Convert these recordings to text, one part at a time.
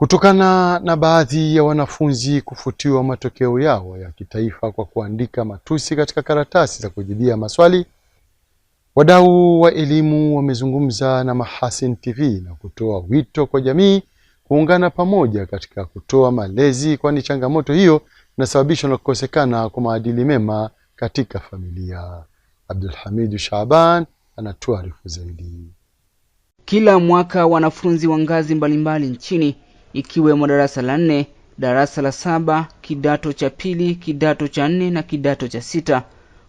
Kutokana na baadhi ya wanafunzi kufutiwa matokeo yao ya kitaifa kwa kuandika matusi katika karatasi za kujibia maswali, wadau wa elimu wamezungumza na Mahasin TV na kutoa wito kwa jamii kuungana pamoja katika kutoa malezi, kwani changamoto hiyo inasababishwa na kukosekana kwa maadili mema katika familia. Abdulhamidu Shaaban anatuarifu zaidi. Kila mwaka wanafunzi wa ngazi mbalimbali nchini ikiwemo darasa la nne darasa la saba kidato cha pili kidato cha nne na kidato cha sita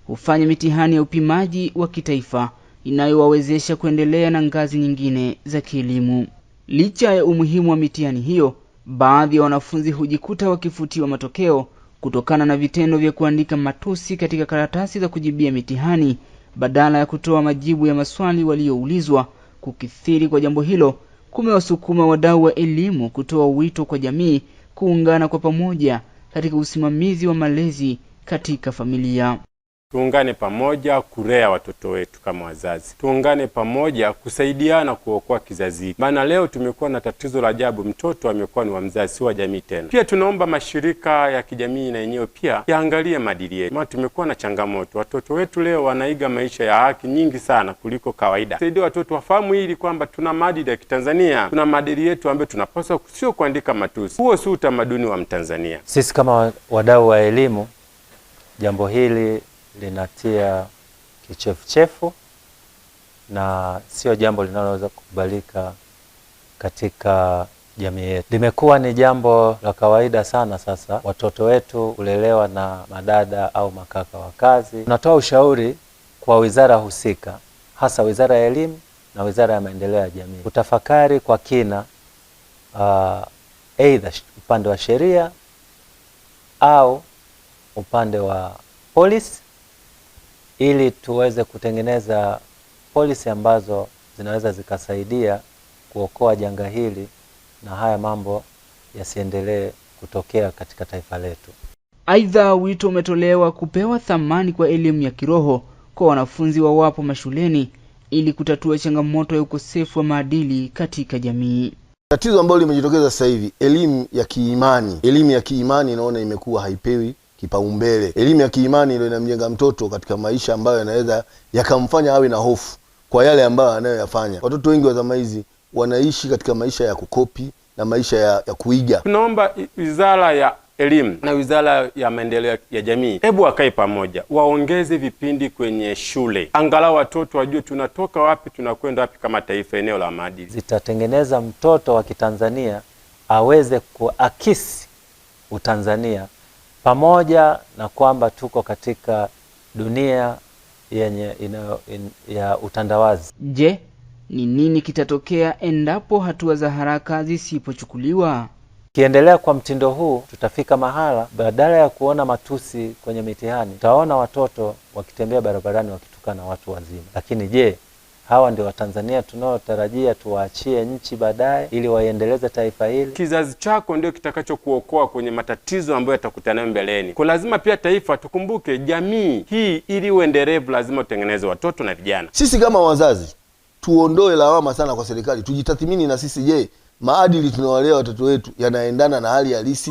hufanya mitihani ya upimaji wa kitaifa inayowawezesha kuendelea na ngazi nyingine za kielimu licha ya umuhimu wa mitihani hiyo baadhi ya wanafunzi hujikuta wakifutiwa matokeo kutokana na vitendo vya kuandika matusi katika karatasi za kujibia mitihani badala ya kutoa majibu ya maswali waliyoulizwa kukithiri kwa jambo hilo kumewasukuma wadau wa elimu kutoa wito kwa jamii kuungana kwa pamoja katika usimamizi wa malezi katika familia. Tuungane pamoja kulea watoto wetu kama wazazi, tuungane pamoja kusaidiana kuokoa kizazi hiki, maana leo tumekuwa na tatizo la ajabu, mtoto amekuwa ni wa mzazi, si wa jamii tena. Pia tunaomba mashirika ya kijamii na yenyewe pia yaangalie maadili yetu, maana tumekuwa na changamoto. Watoto wetu leo wanaiga maisha ya haki nyingi sana kuliko kawaida. Saidia watoto wafahamu hili kwamba tuna maadili ya Kitanzania, tuna maadili yetu ambayo tunapaswa, sio kuandika matusi. Huo si utamaduni wa Mtanzania. Sisi kama wadau wa elimu, jambo hili linatia kichefuchefu na sio jambo linaloweza kukubalika katika jamii yetu. Limekuwa ni jambo la kawaida sana sasa watoto wetu kulelewa na madada au makaka wa kazi. Tunatoa ushauri kwa wizara husika, hasa wizara ya elimu na wizara ya maendeleo ya jamii kutafakari kwa kina, aidha uh, upande wa sheria au upande wa polisi ili tuweze kutengeneza polisi ambazo zinaweza zikasaidia kuokoa janga hili na haya mambo yasiendelee kutokea katika taifa letu. Aidha, wito umetolewa kupewa thamani kwa elimu ya kiroho kwa wanafunzi wawapo mashuleni ili kutatua changamoto ya ukosefu wa maadili katika jamii. Tatizo ambalo limejitokeza sasa hivi, elimu ya kiimani, elimu ya kiimani inaona imekuwa haipewi kipaumbele. Elimu ya kiimani ndio inamjenga mtoto katika maisha ambayo yanaweza yakamfanya awe na hofu kwa yale ambayo anayoyafanya. Watoto wengi wa zama hizi wanaishi katika maisha ya kukopi na maisha ya, ya kuiga. Tunaomba wizara ya elimu na wizara ya maendeleo ya jamii, hebu wakae pamoja, waongeze vipindi kwenye shule, angalau watoto wajue tunatoka wapi tunakwenda wapi kama taifa, eneo la maadili. Zitatengeneza mtoto wa Kitanzania aweze kuakisi Utanzania pamoja na kwamba tuko katika dunia yenye in, ya utandawazi. Je, ni nini kitatokea endapo hatua za haraka zisipochukuliwa? Kiendelea kwa mtindo huu, tutafika mahala, badala ya kuona matusi kwenye mitihani, tutaona watoto wakitembea barabarani wakitukana watu wazima. Lakini je Hawa ndio Watanzania tunaotarajia tuwaachie nchi baadaye, ili waiendeleze taifa hili. Kizazi chako ndio kitakachokuokoa kwenye matatizo ambayo yatakutana nayo mbeleni. Kwa lazima pia taifa tukumbuke, jamii hii ili uendelevu, lazima tutengeneze watoto na vijana. Sisi kama wazazi tuondoe lawama sana kwa serikali, tujitathmini na sisi. Je, maadili tunawalea watoto wetu yanaendana na hali halisi?